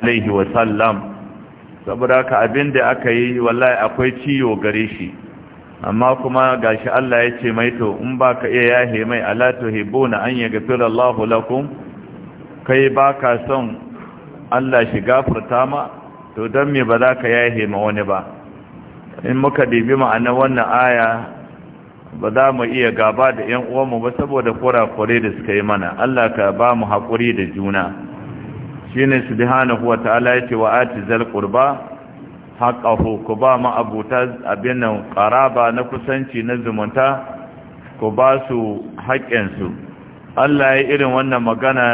alaihi wasallam saboda ka abin da aka yi wallahi akwai ciwo gare shi amma kuma gashi Allah ya ce mai to in baka iya yahe mai ala tuhibuna an yaghfira Allahu lakum kai baka son Allah shi gafarta ma to dan me ba za ka yahe ma wani ba in muka dibi ma'anar wannan aya ba za mu iya gaba da 'yan uwanmu ba saboda kurakure da suka yi mana Allah ka ba mu haƙuri da juna shine subhanahu wa ta'ala ce wa ati zal qurba haqqahu ku ba ma abin nan na kusanci na zumunta ku ba su haƙƙin su Allah ya irin wannan magana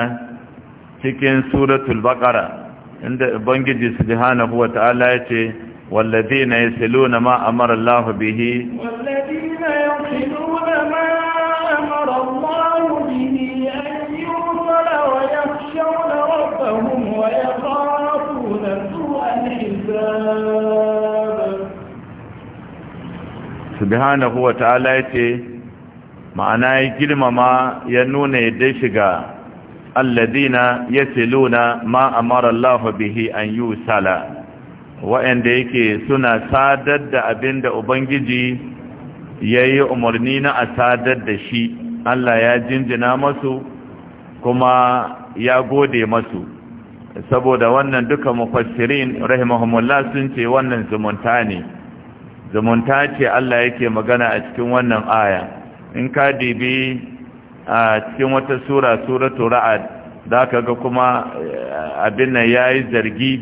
cikin suratul baƙara inda ubangiji subhanahu wa ta'ala na ya yasluna na amara Allah bihi walladheena yasluna ma amara Allah bihi ويخافون سوء الحساب subhanahu wa ta'ala yace ma'ana ya girmama ya nuna yadda shiga alladina yasiluna ma a marar bihi an Sala. wa'anda yake suna sadar da abinda ubangiji ya yi umarni na a sadar da shi Allah ya jinjina masu kuma ya gode masu saboda wannan duka mufassirin rahimahumullah sun ce wannan zumunta ne zumunta ce Allah yake magana a cikin wannan aya in ka dibi a cikin wata sura suratu ra'ad zaka ga kuma eh, abin nan yayi zargi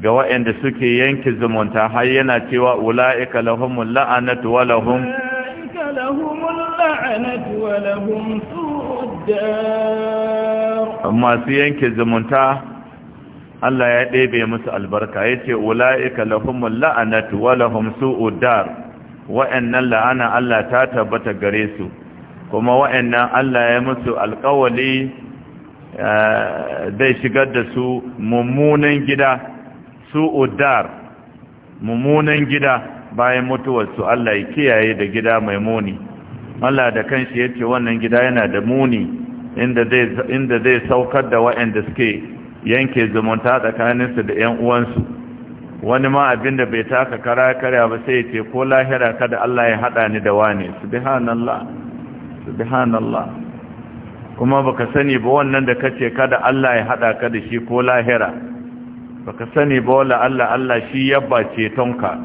ga waɗanda suke yanke zumunta har yana cewa ulaika lahumul la'anatu wa lahum la'anatu masu yanke zumunta Allah ya ɗebe musu albarka ya ce wula’ika lahumun la'anatu wa lahum su’u dar wa'annan la'ana Allah ta tabbata gare su kuma wa'annan Allah ya musu alƙawali eh, zai shigar da su mummunan gida su’u dar mummunan gida bayan mutuwarsu Allah ya kiyaye da gida mai muni Allah da kanshi ya ce wannan gida yana da muni inda zai saukar da wa'anda suke yanke zumunta tsakaninsu da 'yan uwansu wani ma abin da bai taka kara kare ba sai ce ko lahira kada Allah ya haɗa ni da wane subhanallah subhanallah kuma baka sani ba wannan da kace kada Allah ya haɗa ka da shi ko lahira baka sani ba wala Allah Allah shi yabba ce tonka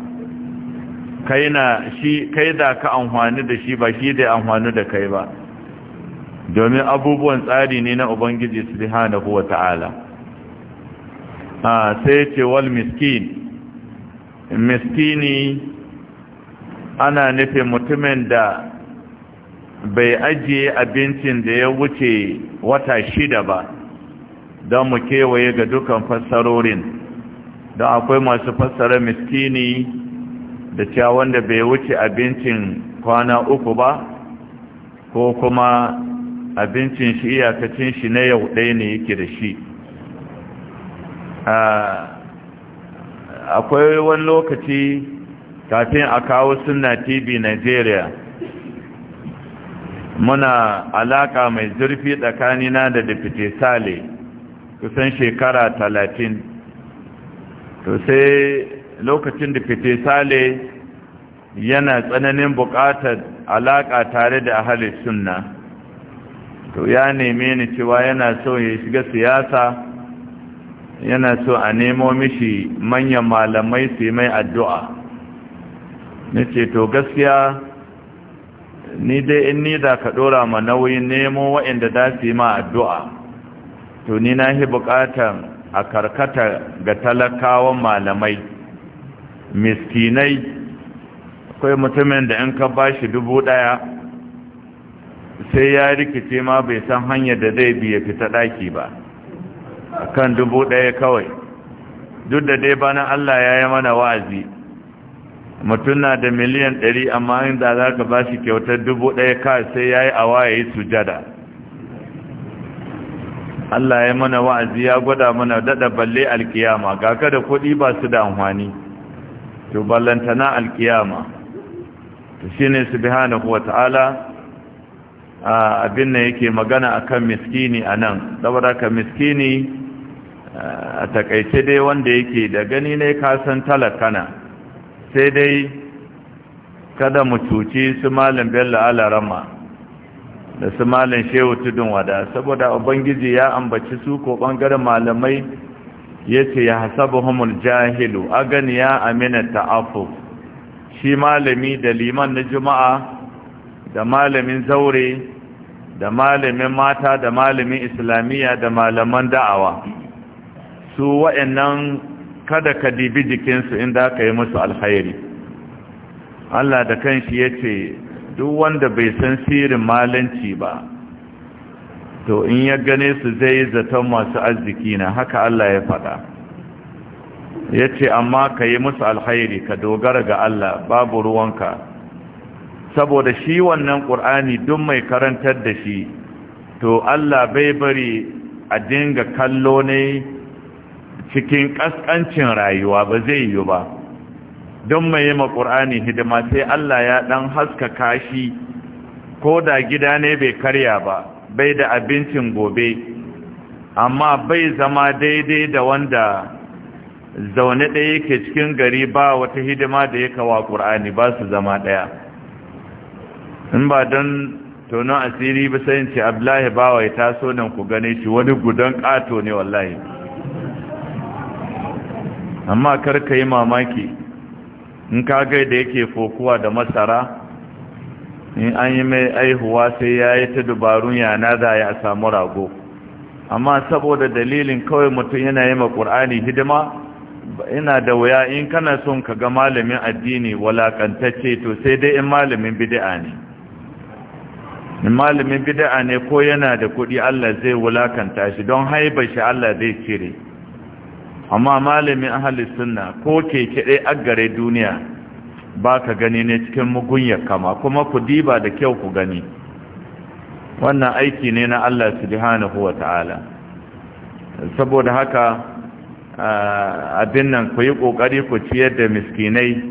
kai na shi kai da ka amfani da shi ba shi da amfani da kai ba domin abubuwan tsari ne na ubangiji subhanahu ta'ala a ah, sai ce wal miskin miskini ana nufin mutumin da bai ajiye abincin da ya wuce wata shida ba don mu kewaye ga dukan fassarorin don akwai masu fassara miskini da cewa wanda bai wuce abincin kwana uku ba ko kuma abincin shi iyakacin shi na yau ɗaya ne yake da shi akwai wani lokaci kafin a kawo suna tv nigeria muna alaka mai zurfi tsakanina da dafite sale kusan shekara talatin to sai lokacin dafite sale yana tsananin buƙatar alaka tare da ahalin sunna to ya neme ni cewa yana so ya shiga siyasa yana so a nemo mishi manyan malamai su mai addu'a ni ce to gaskiya ni dai in ni da ka ɗora ma nauyin nemo waɗanda da su ma addu'a to ni na yi buƙatar a karkata ga talakawan malamai miskinai akwai mutumin da in ka ba shi dubu ɗaya sai ya rikice ma bai san hanyar da zai biya fita ɗaki ba kan dubu ɗaya kawai duk da dai bana Allah ya yi mana wa'azi mutum na da miliyan ɗari amma inda za ka ba shi kyautar dubu ɗaya ka sai ya yi a ya yi sujada Allah ya mana wa'azi ya gwada mana daɗa balle alkiyama ga kada kuɗi ba su da amfani to ballantana alkiyama to shi ne subhanahu ta'ala abin da yake magana akan miskini a nan saboda ka miskini a takaice dai wanda yake da gani ne kasan talakana sai dai kada mu cuci su malin bello alarama da su malin shehu tudun wada saboda ubangiji ya ambaci su ko bangaren malamai ya ce ya hasabu humul jahilu gani ya amina ta'afu shi malami da liman na juma'a da malamin zaure da malamin mata da malamin islamiyya da malaman da'awa su wa'annan kada ka dibi jikinsu inda ka yi musu alkhairi Allah da kanshi ya ce duk wanda bai san sirin malanci ba to in ya gane su zai yi zaton masu arziki na haka Allah ya faɗa ya ce amma ka yi musu alkhairi ka dogara ga Allah babu ruwanka saboda shi wannan ƙur'ani duk mai karantar da shi to Allah bai bari a dinga kallo ne cikin ƙasƙancin rayuwa ba zai yi ba don mai yi maƙur'ani hidima sai Allah ya ɗan haskaka shi ko da gida ne bai karya ba bai da abincin gobe amma bai zama daidai da wanda zaune ɗaya yake cikin gari ba wata hidima da ya kawa ƙur'ani ba su zama ɗaya in ba don tonon asiri bisayin ce abdullahi bawa ya taso nan ku gane shi wani gudan ƙato ne wallahi amma kar ka yi mamaki in ka ga da yake fokuwa da masara in an yi mai aihuwa sai ya yi ta dubarun yana za a samu rago amma saboda dalilin kawai mutum yana yi ƙur'ani hidima ina da wuya in kana son ka ga malamin addini walakantacce to sai dai in malamin bid'a ne in malamin bida'a ne ko yana da kuɗi Allah zai wulakanta shi don haibar shi Allah zai cire amma malamin ahalin sunna ko keke dai agare duniya ba ka gani ne cikin mugunyar kama kuma ku diba da kyau ku gani wannan aiki ne na Allah subhanahu ta'ala saboda haka abin nan ku yi kokari ku ciyar da miskinai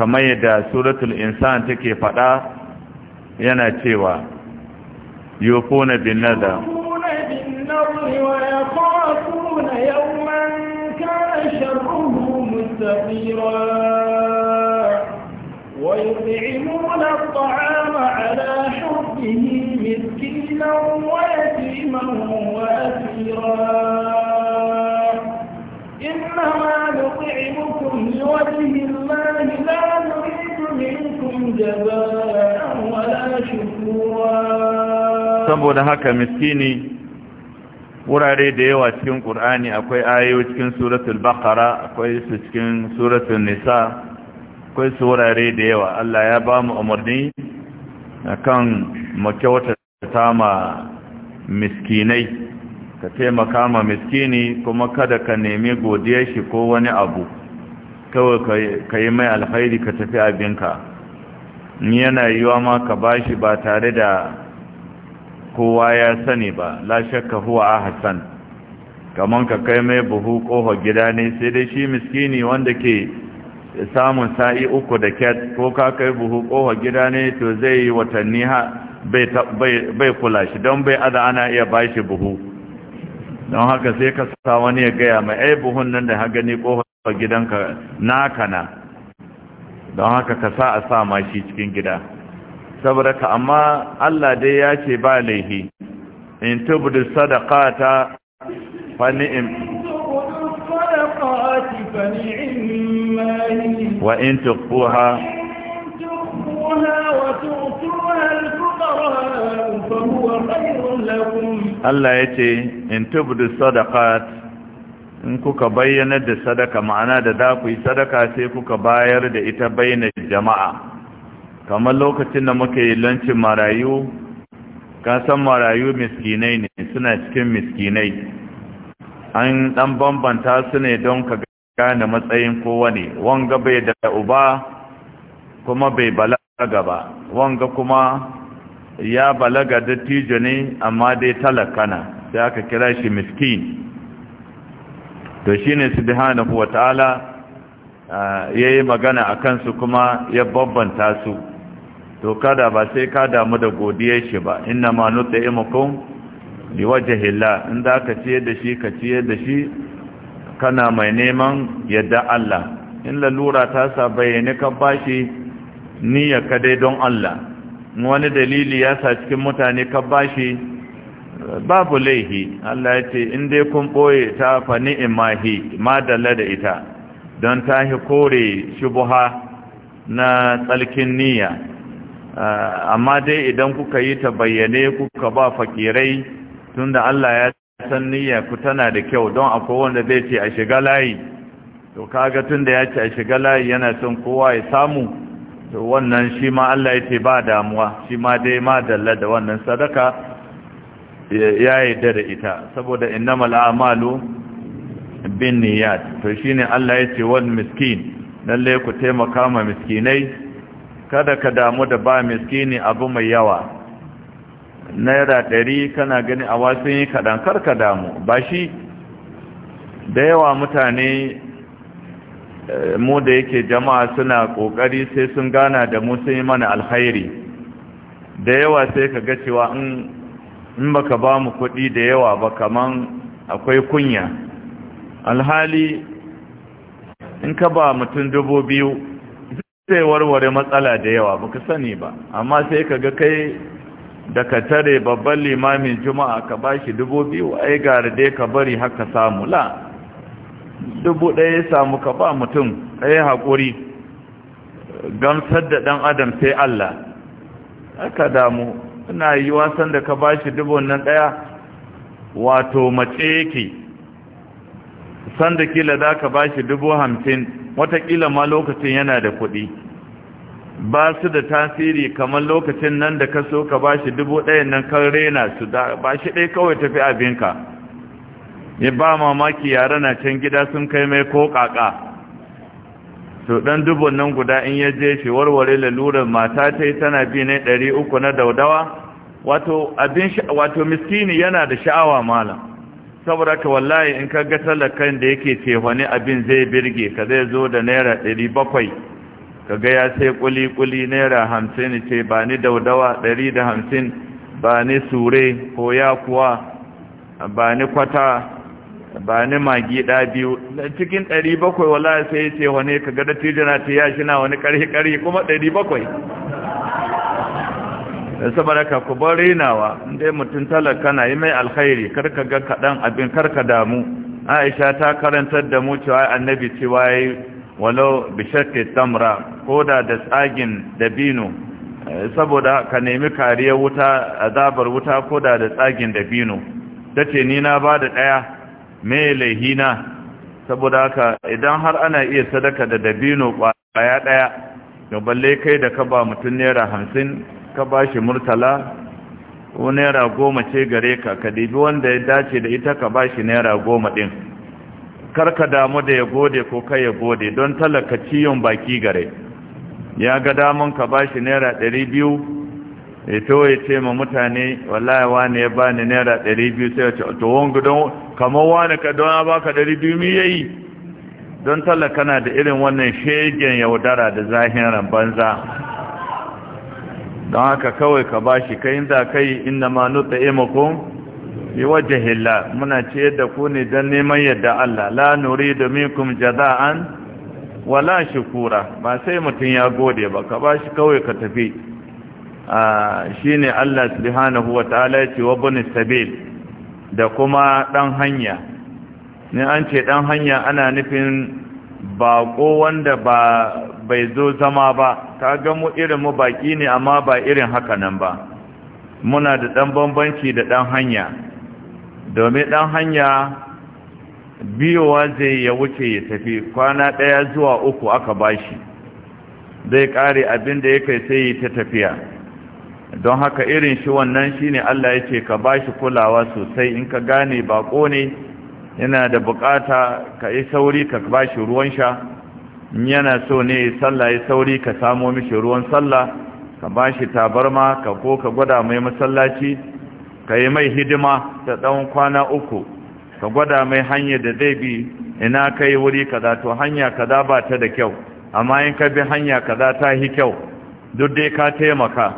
kamar yadda suratul insan take faɗa yana cewa yufuna bin nadar saboda haka miskini wurare da yawa cikin ƙur'ani akwai ayoyi cikin suratul baqara akwai su cikin suratul nisa akwai su wurare da yawa Allah ya ba mu umarni akan makyauta ta ma miskinai ka taimaka ma miskini kuma kada ka nemi godiyar shi ko wani abu kawai ka yi mai alkhairi ka tafi abinka Ni yana yiwa ma ka bashi ba tare da kowa ya sani ba la shakka huwa ahsan kaman ka kai mai buhu kofar gida ne sai dai shi miskini wanda ke samun sa'i uku da cat ko ka kai buhu kofar gida ne to zai yi watanni ha bai kula shi don bai ada ana iya bashi buhu don haka sai ka sa wani ya gaya mai ai buhun nan da haga gani kofar gidanka naka na don haka ka sa a sa ma shi cikin gida saboda ka amma Allah dai ya ce ba laihi in tubdu sadaqata fa ni'im wa in tuqfuha Allah ya ce in tubdu sadaqat in kuka bayyana da sadaka ma'ana da za ku yi sadaka sai kuka bayar da ita bayyana jama'a kamar lokacin da muka yi lancin marayu kasan marayu miskinai ne suna cikin miskinai an dan bambanta su ne don ka gane matsayin kowane wanga bai da uba kuma bai balaga ba wanga kuma ya balaga dattijo ne amma dai talakana sai aka kira shi miskin to shine subhanahu wataala eh, yayi magana a kansu kuma ya bambanta su to kada ba sai ka damu da godiyar shi ba inna ma nutaimukum liwajhillah in da ka ciyar da shi ka ciyar da shi kana mai neman yadda Allah in lalura ta sa bayyane ka bashi niyya ka dai don Allah wani dalili ya sa cikin mutane ka bashi babu laihi Allah ya ce in dai kun boye ta fa ni'imahi madalla da ita don ta hi kore shubuha na tsalkin niyya Eh, amma dai idan kuka yi ta bayyane kuka ba fakirai tunda Allah ya san niyya ku tana da kyau don akwai wanda zai ce a shiga layi to kaga tunda ya ce a shiga layi yana son kowa ya samu to wannan shi ma Allah ya ce ba damuwa shi ma dai ma dalla da wannan sadaka ya yarda da ita saboda innamal a'malu bin niyyat to shine Allah ya ce wal miskin lalle ku taimaka ma miskinai kada ka damu da ba miskini abu mai yawa naira ɗari kana gani a wasu yi kaɗan karka damu ba shi da yawa mutane eh, mu da yake jama'a suna ƙoƙari sai sun gana da mu sun yi mana alhairi da yawa sai ka ga cewa in baka ba mu kuɗi da yawa ba kaman akwai kunya alhali in ka ba mutum dubu biyu sai warware matsala da yawa baka sani ba amma sai ka ga kai da ka tare babban limamin juma'a ka bashi dubu biyu ai gara dai ka bari haka samu la dubu ɗaya samu ka ba mutum ɗaya haƙuri gamsar da ɗan adam sai Allah aka damu ina yi wasan da ka bashi dubu nan ɗaya wato mace yake sanda kila za ka bashi dubu hamsin watakila ma lokacin yana da kuɗi ba su da tasiri kamar lokacin nan da ka so ka ba shi dubu ɗayan nan kan rena su ba shi ɗai kawai tafi abinka ya ba mamaki yara na can gida sun kai mai ko ƙaƙa to ɗan dubun nan guda in ya je shi warware lalurar mata ta yi tana bi ne ɗari uku na daudawa wato miskini yana da sha'awa malam saboda ka wallahi in ka ga talakan da yake ce wani abin zai birge ka zai zo da naira 700 ka ga ya sai kuli-kuli naira 50 ce ba ni daudawa 150 ba ni sure ko ya kuwa ba ni kwata ba ni magi da biyu cikin 700 wallahi sai ce wani ka ga da tijira ta yashi na wani ƙarhi-ƙarhi kuma 700. saboda ka ku bar in inda mutum talaka na yi mai alkhairi karka ga kaɗan abin karka damu aisha ta karantar da mu cewa annabi cewa ya yi walau bishakke tamra ko da da tsagin dabino saboda ka nemi kariyar wuta azabar wuta ko da da tsagin dabino ta ce ni na ba da ɗaya mai laihina saboda haka idan har ana iya sadaka da dabino ƙwaya ɗaya to balle kai da ka ba mutum naira hamsin ka ba shi murtala ko naira goma ce gare ka ka dibi wanda ya dace da ita ka ba shi naira goma ɗin karka damu da ya gode ko kai ya gode don talaka ciyon baki gare ya ga damun ka ba shi naira ɗari biyu ya to ya ce ma mutane wallahi wani ya ba ni naira ɗari biyu sai ya ce to wani don kamar wani ka don ba ka ɗari biyu mi ya yi don talaka na da irin wannan shegen yaudara da zahiran banza don haka kawai ka ba shi, kai inda kai na ma nutsa imakon wajen hila muna ciyar da ku ne don neman yadda Allah la kun minkum an. wala shukura ba sai mutum ya gode ba ka ba shi kawai ka tafi Shi ne Allah subhanahu ta'ala ya ce wa sabil da kuma ɗan hanya ne an ce ɗan hanya ana nufin ba ko wanda ba bai zo zama ba ta mu irin mu baki ne amma ba irin haka nan ba muna da ɗan bambanci da ɗan hanya domin ɗan hanya biyowa zai ya wuce ya tafi kwana ɗaya zuwa uku aka bashi zai ƙare abin da ya kai sai yi ta tafiya don haka irin shi wannan shine Allah ya ka bashi kulawa sosai in ka gane baƙo ne yana da buƙata ka yi sauri ka bashi ruwan sha yana so ne sallah ya sauri ka samo mishi ruwan sallah ka ba shi tabarma ka ko ka gwada mai masallaci ka yi mai hidima ta ɗan kwana uku ka gwada mai hanyar da zai bi ina kai yi wuri kaza to hanya kaza ba ta da kyau amma in ka bi hanya kaza ta yi kyau duk dai ka taimaka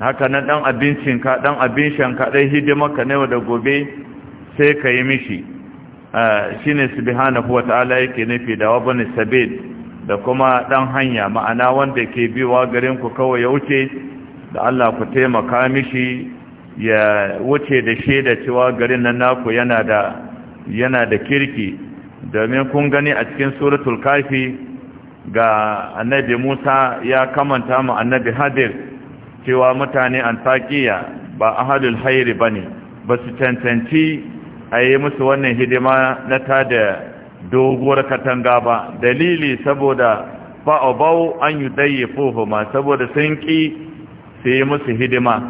haka na ɗan abincinka ɗan abin shanka ɗai hidima ka ne da gobe sai ka yi mishi ah, shine subhanahu wa ta'ala yake nufi da wabani sabid da kuma ɗan hanya ma'ana wanda ke biwa garin ku kawai ya wuce da Allah ku taimaka mishi ya wuce da shaida cewa garin nan naku yana da yana da kirki domin kun gani a cikin suratul kafi ga annabi Musa ya kamanta mu annabi Hadir cewa mutane antakiya ba ahalul hairi bane ba su cancanci a yi musu wannan hidima na tada doguwar katanga ba dalili saboda fa'abau an yi daye ma saboda sun ƙi su yi musu hidima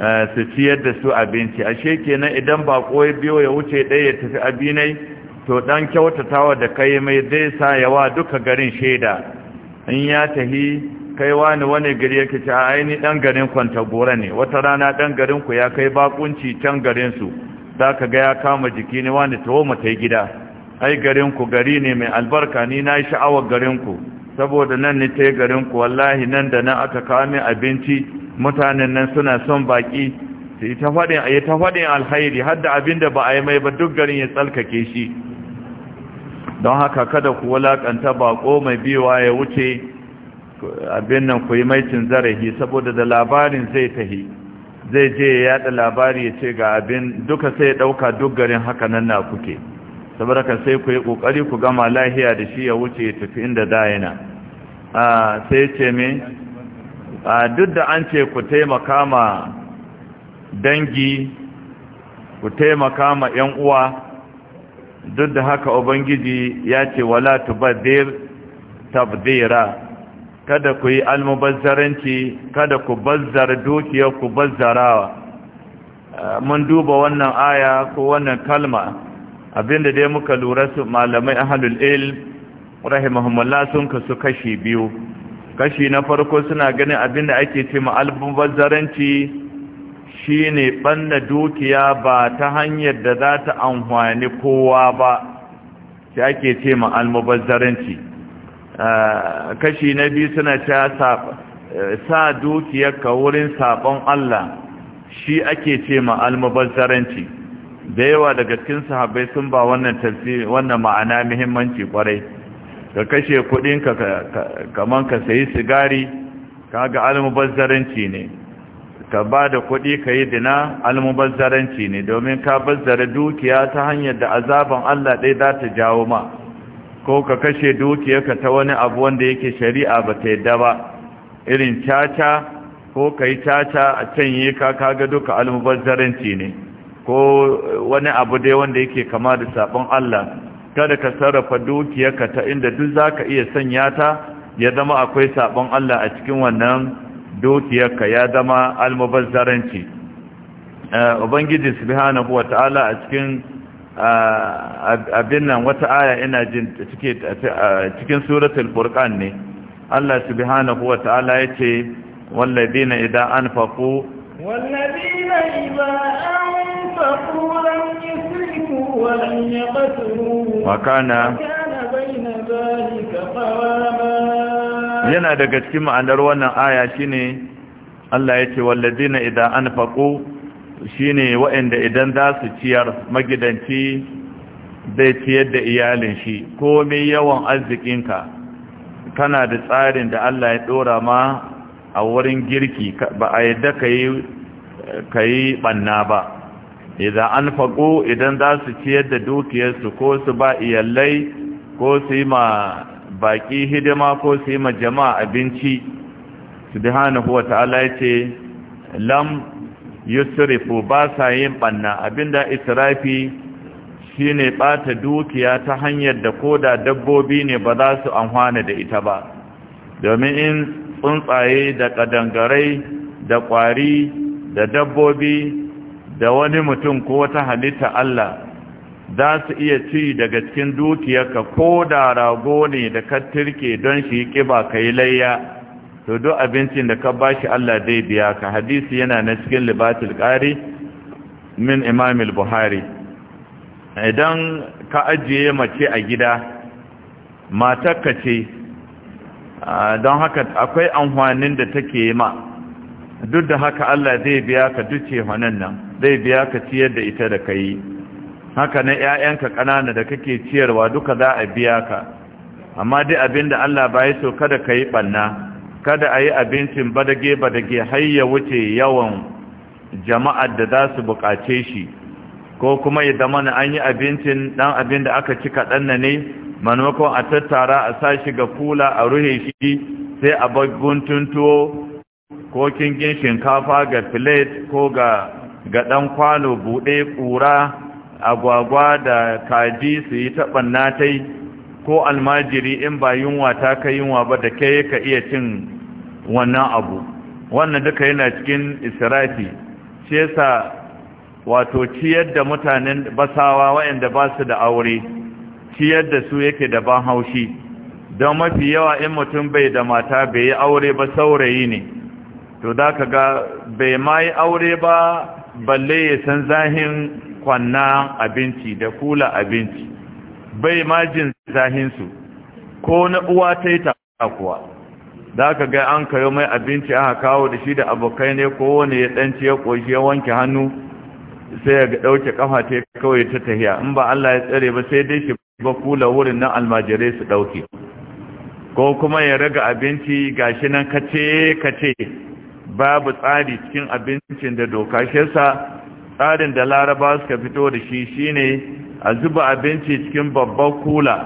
eh, su ciyar da su abinci ashe kenan idan ba ya biyo ya wuce ɗaya ya tafi abinai to ɗan kyautatawa da kai mai zai sa yawa duka garin shaida in ya tahi kai wani wani gari yake kici a aini ɗan garin kwanta gora ne wata rana ɗan garinku ya kai bakunci can garinsu su za ka ga ya kama jiki ne wani tawo mu ta gida ai garinku gari ne mai albarka ni na yi sha'awar garinku saboda nan ni ta garinku wallahi nan da nan aka kame abinci mutanen nan suna son baki sai ta faɗin ta alhairi har da abin da ba a yi mai ba duk garin ya tsalkake shi don haka kada ku wulaƙanta baƙo mai biwa ya wuce abin nan ku yi maicin zarafi saboda da labarin zai tahi zai je ya yada labari ya ce ga abin duka sai ya ɗauka duk garin haka nan na kuke saboda sai ku yi kokari ku gama lahiya da shi ya wuce ya tafi inda dayana a sai ce me duk da an ce ku taimaka ma dangi ku taimaka ma yan uwa duk da haka ubangiji ya ce wala tubadir tabdira kada ku yi almubazzaranci kada ku bazzara dukiyar ku bazzarawa mun duba wannan aya ko wannan kalma abinda dai muka lura su malamai ahlul ilm rahimahumullah sun kasu kashi biyu kashi na farko suna ganin abinda ake ce ma shi shine banna dukiya ba ta hanyar da za ta amfani kowa ba sai ake ce ma almubazzaranci ah, kashi na biyu suna ce sa ka wurin sabon Allah shi ake ce ma almubazzaranci da yawa daga cikin sahabbai sun ba wannan tafsir wannan ma'ana muhimmanci kwarai ka kashe kudin ka kaman ka sayi sigari kaga almubazzaranci ne ka ba da kudi ka yi dina almubazzaranci ne domin ka bazzara dukiya ta hanyar da azaban Allah ɗaya za ta jawo ma ko ka kashe dukiyarka ta wani abu wanda yake shari'a ba ta yadda ba irin caca ko ka yi caca a yi ka kaga duka almubazzaranci ne ko wani abu dai wanda yake kama da sabon Allah kada ka sarrafa dukiyarka ta inda duk zaka iya sanya ta ya zama akwai sabon Allah a cikin wannan dukiyarka ya zama almubazzaranci eh, ubangiji subhanahu wata'ala a cikin eh, abin nan wata aya ina jin eh, cikin suratul furqan ne Allah subhanahu wata'ala yace walladina idan anfaqu والذين إذا أنفقوا لم يسرفوا ولم وكان بين ذلك قواما yana daga cikin ma'anar wannan aya shine Allah ya ce walladina idan shine waɗanda idan za su ciyar magidanci zai ciyar da iyalin shi komai yawan arzikinka kana da tsarin da Allah ya dora ma a wurin girki ba a yadda ka yi ɓanna ba idan an faƙo idan za su ciyar da dukiyarsu ko su ba iyalai ko su yi ma baƙi hidima ko su yi ma jama'a abinci su da hana kuwa ta'ala ya ce lam yusrifu ba sa yin ɓanna abinda israfi shi ne ɓata dukiya ta hanyar da koda dabbobi ne ba za su amfana da ita ba domin in tsuntsaye da kadangarai da kwari da dabbobi da wani mutum ko wata halitta Allah za su iya ci daga cikin dukiyarka ko da rago ne da ka turke don shi kiba ka yi layya to duk abincin da ka bashi Allah zai biya ka hadisi yana na cikin libatul qari min imam al-buhari idan ka ajiye mace a gida matarka ce Ah, don haka akwai amfanin da take ma duk da haka Allah zai biya ka duce wannan nan zai biya ka ciyar da ita da kai haka na ƴaƴanka ƙanana da kake ciyarwa duka za a biya ka amma dai abinda Allah ba ya so kada ka yi ɓanna kada ayi abincin badage badage har ya wuce yawan jama'ar da za su buƙace shi ko kuma ya zama an yi abincin dan abin da aka ci kaɗan na ne manakon a tattara a sa shi ga kula a ruhe shi sai a guntun tuwo ko kingin shinkafa ga filet ko ga gaɗan kwano buɗe ƙura agwagwa da kaji su yi taɓanna tai ko almajiri in ba yunwa ta ka yunwa ba da kai ka iya cin wannan abu wannan duka yana cikin israfi shi yasa wato ciyar da mutanen basawa waɗanda ba su da aure ciyar da su yake da ban haushi don mafi yawa in mutum bai da mata bai yi aure ba saurayi ne to da ka ga bai ma yi aure ba balle ya san zahin kwanna abinci da kula abinci bai ma jin zahinsu ko na uwa ta yi kuwa da ka ga an kayo mai abinci aka kawo da shi da abokai ne kowane ya ɗanci ya ƙoshi ya wanke hannu sai ya ɗauke kafa ta kawai ta tahiya in ba Allah ya tsare ba sai dai shi ba kula wurin nan almajirai su ɗauke ko kuma ya raga abinci gashi nan kace-kace babu tsari cikin abincin da doka shesa tsarin da laraba suka fito da shi shine a zuba abinci cikin babban kula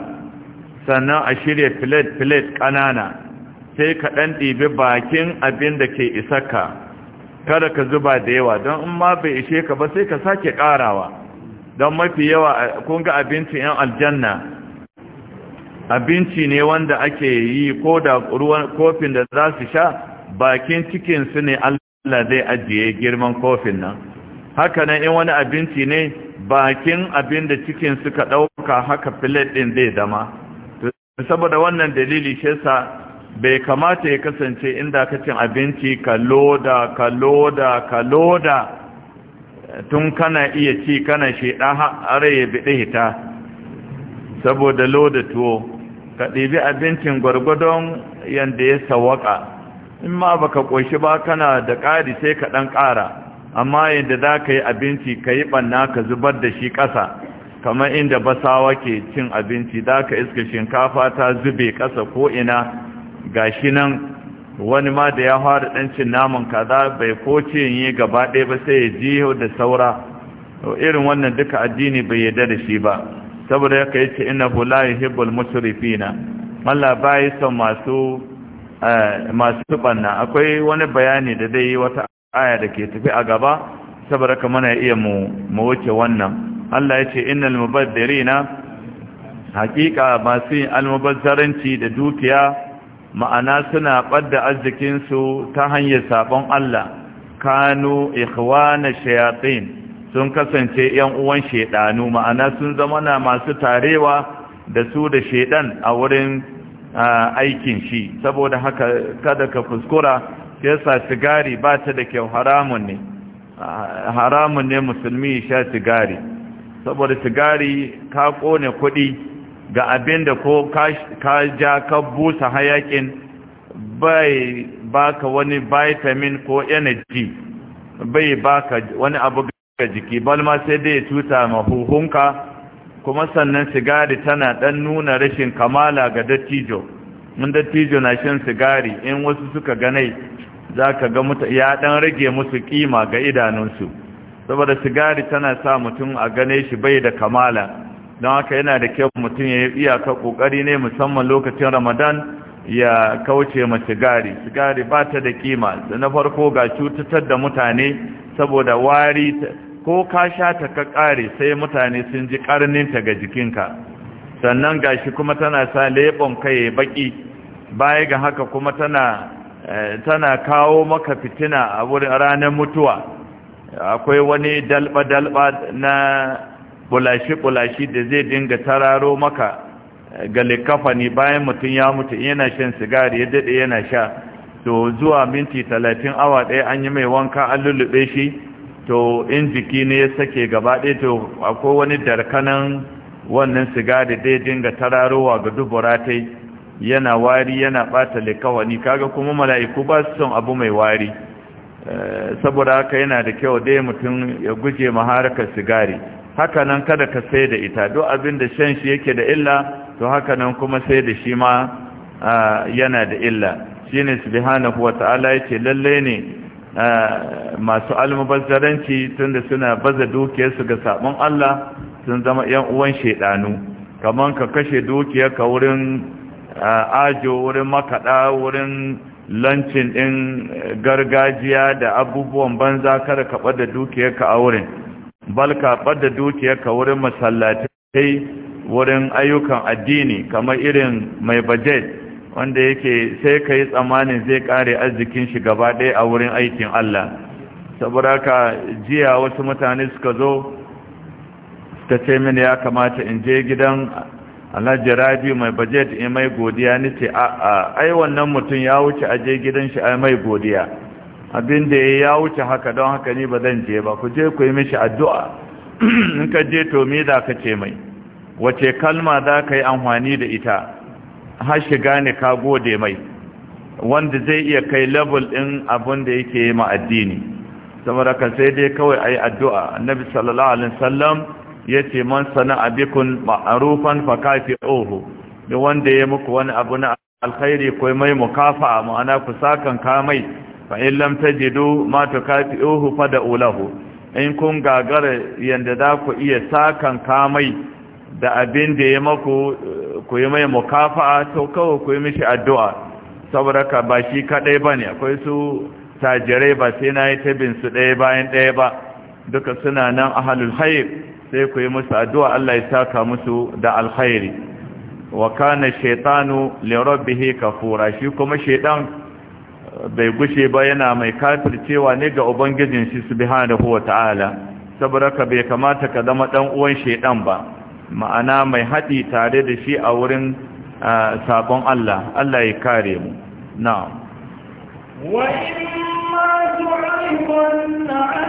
sannan a shirya filet-filet ƙanana sai ka ɗan ɗibi bakin abin da ke ka, kada ka zuba da yawa don in ma bai ishe ka ba sai ka sake ƙarawa don mafi yawa kun ga abinci yan aljanna abinci ne wanda ake yi ko da ruwan kofin da za su sha bakin cikinsu ne Allah zai ajiye girman kofin nan haka nan in wani abinci ne bakin abin da cikin suka ɗauka haka filet ɗin zai zama saboda wannan dalili shesa bai kamata ya kasance inda ka cin abinci ka loda ka loda ka loda tun kana iya ci kana sheɗa har ya biɗe hita saboda loda tuwo ka ɗibi abincin gwargwadon yadda ya sawaka in ma baka ƙoshi ba kana da ƙari sai ka ɗan ƙara amma yadda za ka yi abinci ka yi ɓanna ka zubar da shi ƙasa kamar inda basawa ke cin abinci za ka iska shinkafa ta zube ƙasa ko'ina ga shi nan wani ma da ya fara ɗancin naman kaza bai koce yi gaba ɗaya ba sai ya ji da saura irin wannan duka addini bai yarda da shi ba saboda yaka yi ce ina hula hibbul musurifina malla bayi son masu eh, masu banna akwai wani bayani da zai yi wata aya da ke tafi a gaba saboda ka mana iya mu wuce wannan Allah ya ce innal mubaddirina hakika masu yin almubazzaranci da dukiya ma'ana suna ɓadda arzikinsu ta hanyar sabon Allah kanu ikhwana shayatin sun kasance yan uwan shedanu ma'ana sun zama na masu tarewa da su da shaiɗan a wurin aikin shi saboda haka kada ka fuskura yasa sigari ba ta da kyau haramun ne haramun ne musulmi sha sigari saboda sigari ka kone kuɗi ga abin da ko ka ja ka busa hayakin bai baka wani vitamin ko energy bai baka wani abu ga jiki balma sai dai tuta mahuhunka kuma sannan sigari tana dan nuna rashin kamala ga dattijo mun dattijo na shan sigari in wasu suka ganai za ga mutu ya dan rage musu kima ga idanunsu saboda sigari tana sa mutum a gane shi bai da kamala don haka yana da kyau mutum ya yi iyaka kokari ne musamman lokacin ramadan ya kauce ma sigari sigari ba ta da kima na farko ga cutar da mutane saboda wari ko ka sha ta ka kare sai mutane sun ji karnin ta ga jikinka sannan shi kuma tana sa lebon kai baki baya ga haka kuma tana eh, tana kawo maka fitina a wurin ranar mutuwa akwai wani dalba dalba na bulashi-bulashi da zai dinga tararo maka eh, ga likafani bayan mutum ya mutu yana shan sigari ya daɗe yana sha to zuwa minti talatin awa ɗaya an yi mai wanka an lullube shi to in jiki ne ya sake gaba ɗaya to akwai wani darkanan wannan sigari dai dinga tararowa ga dubura ta yana wari yana ɓata likawani kaga kuma mala'iku ba su son abu mai wari eh, saboda haka yana da kyau dai mutum ya guje ma harakar sigari haka nan kada ka sai da ita duk abin da shan shi yake da illa to haka nan kuma sai da shi ma yana da illa shi ne subhanahu wata'ala ce lalle ne masu almubazzaranci tunda suna baza dukiyarsu ga sabon Allah sun zama yan uwan shedanu kamar ka kashe dukiyarka wurin ajo wurin makada wurin lancin din gargajiya da abubuwan banza kada ka bada dukiyarka a wurin bal kaɓar da dukiyarka wurin masallatai wurin ayyukan addini kamar irin mai bajet wanda yake sai ka yi tsamanin zai ƙare arzikin shi gaba ɗaya a wurin aikin Allah saboda ka jiya wasu mutane suka zo ta ce mini ya kamata in je gidan alhaji rabi mai bajet in mai godiya ni ce a ai wannan mutum ya wuce a je gidan shi ai mai godiya abin da ya wuce haka don haka ni ba zan je ba ku je ku yi mishi addu'a in ka je to me za ka ce mai wace kalma za ka yi amfani da ita har shiga ne ka gode mai wanda zai iya kai level ɗin abin da yake yi ma addini saboda ka sai dai kawai a addu'a annabi sallallahu alaihi sallam ya ce man sana abikun ma'arufan fakafi Oho. da wanda ya muku wani abu na alkhairi ko mai mukafa ma'ana ku sakan mai. fa'in lam tajidu ma fa da lahu in kun gagara yanda za ku iya sakan kamai da abin da ya maku ku yi mai mukafa'a to kawai ku yi mishi addu'a saboda ka ba shi kaɗai ba ne akwai su tajirai ba sai na yi tabin su ɗaya bayan ɗaya ba duka suna nan ahalul hayr sai ku yi musu addu'a Allah ya saka musu da alkhairi wa kana shaytanu li kafura shi kuma shaytan bai gushe ba yana mai cewa ne ga ubangijin shi subhanahu ta'ala, saboda ka bai kamata ka zama dan uwan shedan ba ma'ana mai haɗi tare da shi a wurin sabon Allah Allah ya kare mu na'am wa imma tu'rifanna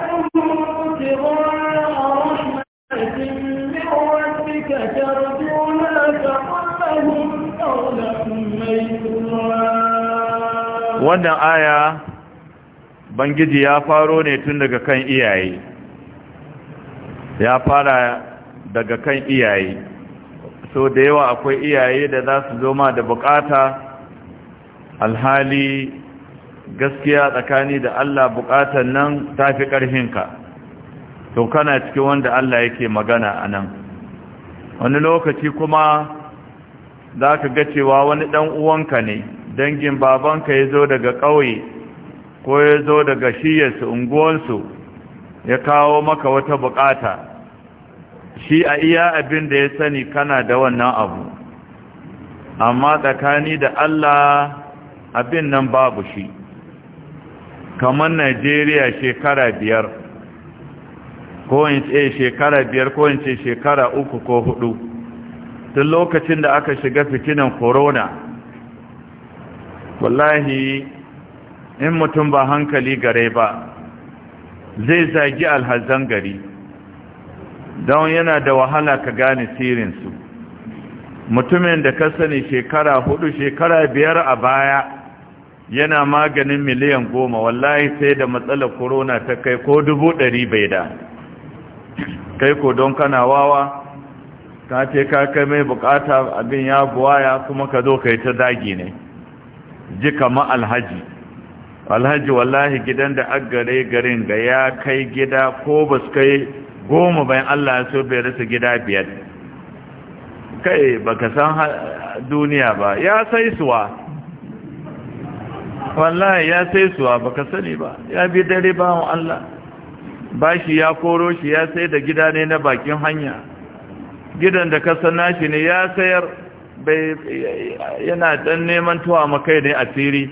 wannan aya bangiji ya faro ne tun daga kan iyaye ya fara daga kan iyaye so da yawa akwai iyaye da za su zo ma da bukata alhali gaskiya tsakani da Allah bukatan nan ta fi ka, to kana cikin wanda Allah yake magana a nan wani lokaci kuma za ka ga cewa wani ɗan uwanka ne dangin babanka ya zo daga ƙauye ko ya zo daga shiyarsu unguwarsu ya kawo maka wata bukata shi a iya abin da ya sani kana da wannan abu amma tsakani da Allah abin nan babu shi kamar Najeriya shekara biyar ko in ce shekara biyar ko in ce shekara uku ko hudu tun lokacin da aka shiga fitinan corona wallahi in mutum ba hankali gare ba zai zagi alhazan gari don yana da wahala ka gane sirinsu mutumin da ka sani shekara hudu shekara biyar a baya yana maganin miliyan goma wallahi sai da matsalar korona ta kai ko dubu ɗari bai da kai ko don kana wawa Ta ce ka kai mai bukata abin ya buwaya kuma ka zo kai ta zagi ne jika kama alhaji alhaji wallahi gidan da agare garin ga ya kai gida ko ba su kai goma bayan Allah ya so bai rasa gida biyar kai baka san duniya ba ya sai suwa wallahi ya sai suwa baka sani ba ya bi dare ba bawan Allah bashi ya koro shi ya sai da gida ne na bakin hanya gidan da ka sana shi ne ya sayar yana dan neman tuwa makai ne asiri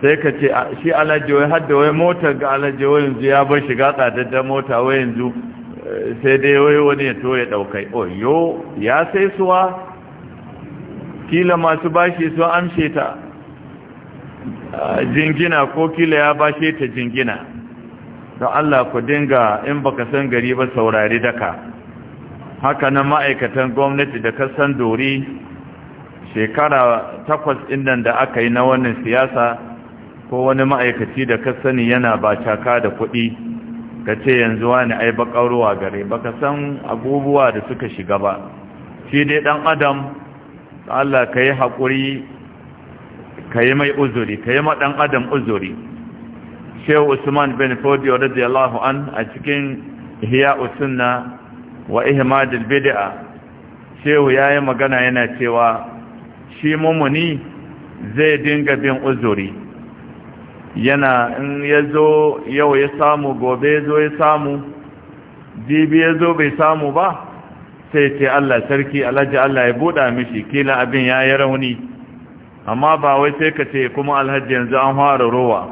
sai ka ce shi alhaji wai hadda wai motar ga alhaji wai yanzu ya bar shiga tsadaddan mota wai yanzu eh, sai dai wai wani ya to ya daukai oyo ya sai suwa kila masu bashi su amshe ta jingina ko kila ya bashe ta jingina don Allah ku dinga in baka san gari ba saurari daka haka nan ma'aikatan gwamnati da kasan dori shekara takwas ɗin da aka yi na wannan siyasa ko wani ma'aikaci da ka sani yana ba caka da kuɗi ka ce yanzu wani ai baƙaruwa gare ba ka san abubuwa da suka shiga ba shi dai ɗan adam Allah ka yi haƙuri ka yi mai uzuri ka yi ɗan adam uzuri shehu usman bin fodiyo radiyallahu an a cikin hiya usunna wa ihmadil bid'a shehu yayi magana yana cewa shi mumuni zai dinga bin uzuri yana in yazo yau ya samu gobe zo ya samu dibi yazo bai samu ba sai ce Allah sarki alhaji Allah ya buɗa mishi kila abin ya yi rauni amma ba wai sai ka ce kuma alhaji yanzu an fara rowa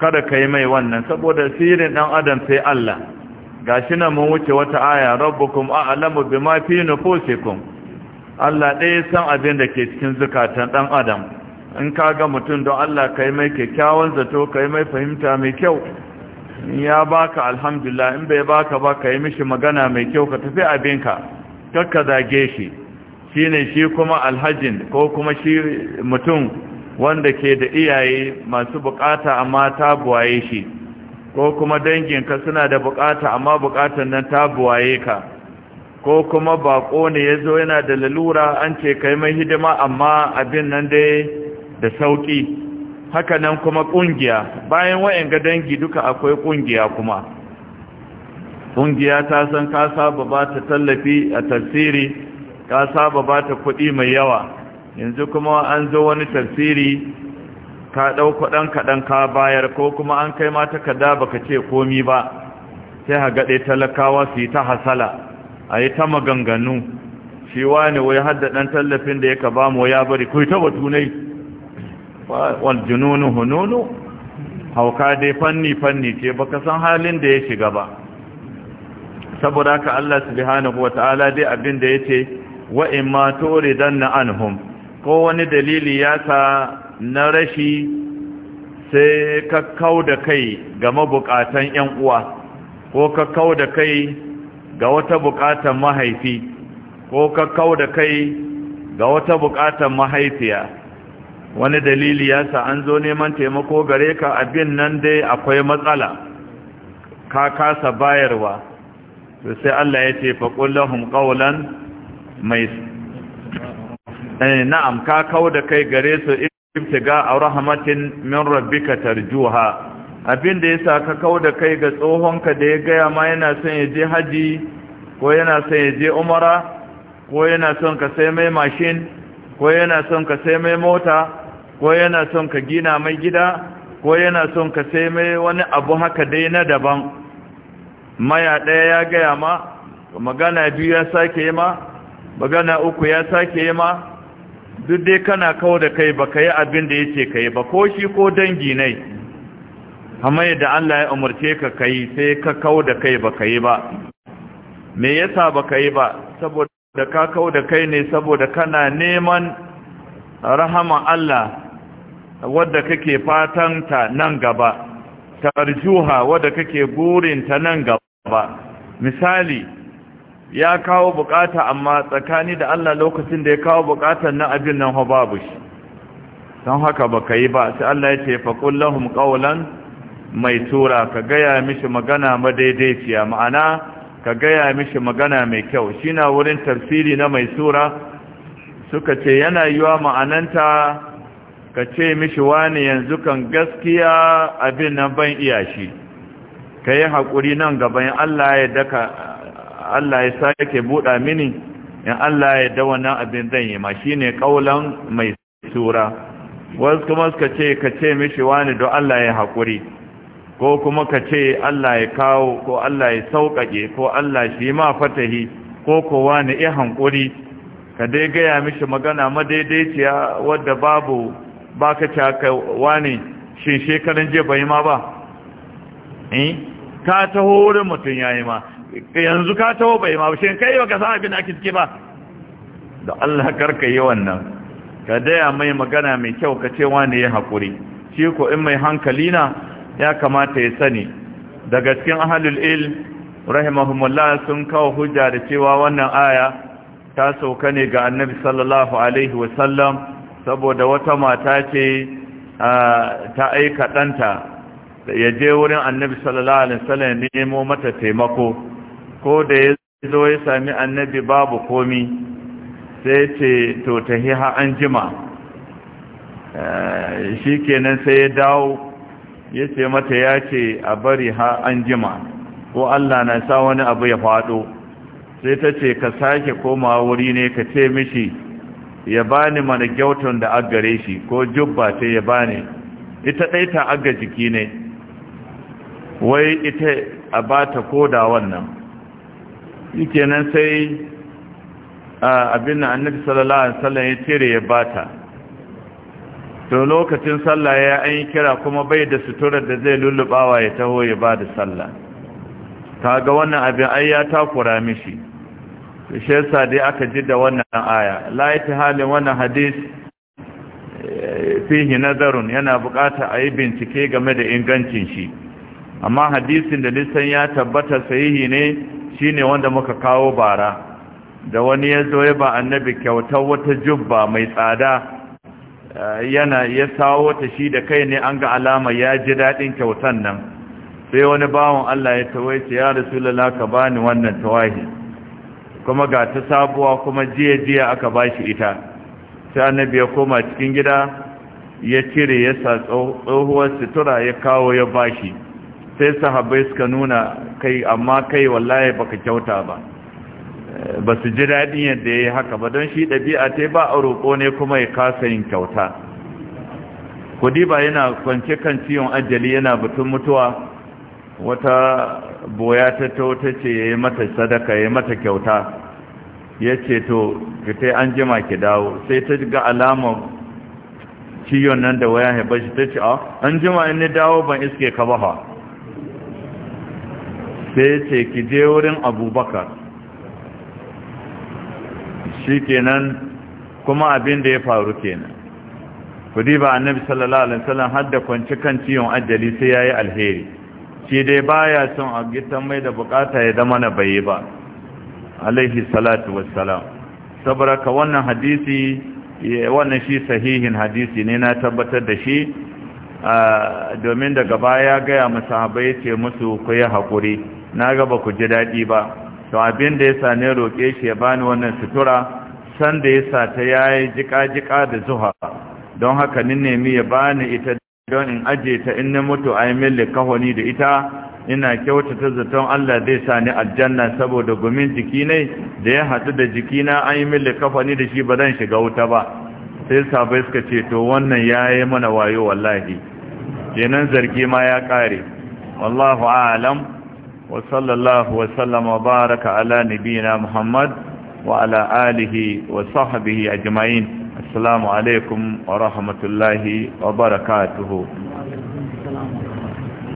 kada ka mai wannan saboda sirin ɗan adam sai Allah gashi nan mun wuce wata aya rabbukum a'lamu bima fi nufusikum Allah ɗaya san abin da ke cikin zukatan dan adam in ka ga mutum don Allah kai mai kyakkyawan zato kai mai fahimta mai kyau ya baka alhamdulillah in bai baka ba kai mishi magana mai kyau ka tafi abin ka kakka zage shi shine shi kuma alhajin ko kuma shi mutum wanda ke da iyaye masu bukata amma ta buwaye shi ko kuma danginka suna da bukata amma bukatan nan ta buwaye ka ko kuma bako ne ya zo yana da lalura an ce kai mai hidima amma abin nan dai da sauki haka nan kuma kungiya bayan wa'in ga dangi duka akwai kungiya kuma kungiya ta san ka saba ba ta tallafi a tafsiri ka saba ba ta kuɗi mai yawa yanzu kuma an zo wani tafsiri ka ɗau kuɗan kaɗan ka bayar ko kuma an kai ma takarda baka ce komi ba sai hagaɗe talakawa su yi ta hasala a yi ta maganganu shi wani wai hadda ɗan tallafin da ya ba mu ya bari ku ta batu ne wal jununu hununu hauka dai fanni fanni ce baka san halin da ya shiga ba saboda ka Allah subhanahu wata'ala dai abin da yace wa in ma turidanna anhum ko wani dalili ya sa na rashi sai ka kau da kai ga mabukatan 'yan uwa ko ka kau da kai ga wata bukatan mahaifi ko ka kau da kai ga wata bukatan mahaifiya wani dalili ya sa an zo neman taimako gare ka abin nan dai akwai matsala ka kasa bayarwa to sai Allah ya ce fa faqullahum qawlan mai eh, na'am ka kau da kai gare su ibtiga a rahmatin min rabbika tarjuha abin da yasa ka kawo da kai ga tsohonka da ya gaya ma yana son ya je haji ko yana son ya je umara ko yana son ka sai mai mashin ko yana son ka sai mai mota ko yana son ka gina mai gida ko yana son ka sai mai wani abu haka dai na daban maya ɗaya ya gaya ma magana biyu ya sake yi ma magana uku ya sake yi ma duk dai kana kawo da kai ba ka yi abin da ya ce ka ba ko shi ko dangi ne amma yadda Allah ya umarce ka ka sai ka kawo da kai ba ka ba me yasa ba ka ba saboda ka kawo da kai ne saboda kana neman rahama Allah wadda kake fatan ta nan gaba tarjuha wadda kake burin ta nan gaba misali ya kawo bukata amma tsakani da Allah lokacin da ya kawo bukatar na abin nan ho babu shi don haka baka yi ba sai Allah ya ce faqul lahum qawlan mai tura ka gaya mishi magana madaidaiciya ma'ana ka gaya mishi magana mai kyau Shi na wurin tafsiri na mai sura suka ce yana yiwa ma'ananta ka ce mishi wani yanzu kan gaskiya abin nan ban iya shi ka yi haƙuri nan gaban Allah ya daka Allah ya sake buɗa mini in Allah ya da wannan abin zan yi ma shine kaulan mai sura wasu kuma suka ce ka ce mishi wani don Allah ya haƙuri ko kuma ka ce Allah ya kawo ko Allah ya sauƙaƙe ko Allah shi ma fatahi ko ko wani ya hankuri ka dai gaya mishi magana madaidaiciya wadda babu ba ka caka wani shi shekarun je bai ma ba eh? ka taho wurin mutum ya yi ma yanzu ka taho bai ma shi kai ba ka san abin da ake ciki ba da Allah karka yi wannan ka daya mai magana mai kyau ka ce wane ya haƙuri shi ko in mai hankali na ya kamata ya sani daga cikin ahlul ilm rahimahumullah sun kawo hujja da cewa wannan aya ta sauka ne ga annabi sallallahu alaihi wasallam saboda wata mata ce ta aika ɗanta ya je wurin annabi sallallahu alaihi wasallam nemo mata taimako ko da ya zo ya sami annabi babu komi sai ce to ta hiha an jima eh, shi kenan sai ya dawo ya ce mata ya ce a bari ha an jima ko Allah na sa wani abu ya faɗo sai ta ce ka sake koma wuri ne ka ce mishi ya bani mana gyautun da agare shi ko jubba ta ya bani ita ɗai ta aga jiki ne wai ita a ba ta koda wannan shi kenan sai abin annabi sallallahu alaihi wasallam ya cire ya bata to lokacin sallah ya an yi kira kuma bai da suturar da zai lullubawa ya taho ya ba da sallah kaga wannan abin ai ya takura mishi to shi yasa dai aka ji da wannan aya la halin wannan hadis fihi nazarun yana bukata a yi bincike game da ingancin shi amma hadisin da lissan ya tabbata sahihi ne Shi ne wanda muka kawo bara da wani ya zo ya ba annabi kyautar wata jubba mai tsada eh, yana ya sawo ta shi da kai ne an ga alama ya ji daɗin kyautan nan sai wani bawan Allah ya tawaita ya lalaka ba bani wannan tawahi kuma ga ta sabuwa kuma jiya jiya aka shi ita sai annabi ya koma cikin gida ya cire ya sa tsohuwar sutura ya kawo ya bashi sai sahabbai suka nuna kai amma kai wallahi baka kyauta ba ba su ji daɗin yadda ya yi haka ba don shi ɗabi'a ta ba a roƙo ne kuma ya kasa yin kyauta kudi ba yana kwance kan ciwon ajali yana batun mutuwa wata boya ta ta ce ya yi mata sadaka ya yi mata kyauta ya ce to fita an jima ki dawo sai ta ga alamar ciyon nan da waya haibar shi ta ce ah, an jima in ni dawo ban iske ka ba sai ce ki je wurin abubakar shi kenan kuma abin da ya faru kenan ku ba annabi sallallahu alaihi wasallam har da kwanci kan ciwon ajali sai yayi alheri shi dai baya son a gita mai da bukata ya zama na bayi ba alaihi salatu wassalam saboda ka wannan hadisi wannan shi sahihin hadisi ne na tabbatar da shi domin daga baya gaya masahabai ce musu ku yi haƙuri na gaba ku ji daɗi ba to abin da ya sa ne roƙe shi ya bani wannan sutura san da ya sa ta yayi jika-jika da zuha don haka ni nemi ya bani ita don in aje ta in na mutu a yi mille kahoni da ita ina kyautata zaton Allah zai sa ni aljanna saboda gumin jiki ne da ya haɗu da jikina an yi mille kafani da shi ba zan shiga wuta ba sai sabai suka ce to wannan ya yi mana wayo wallahi kenan zargi ma ya ƙare wallahu alam وصلى الله وسلم وبارك على نبينا محمد وعلى آله وصحبه أجمعين السلام عليكم ورحمة الله وبركاته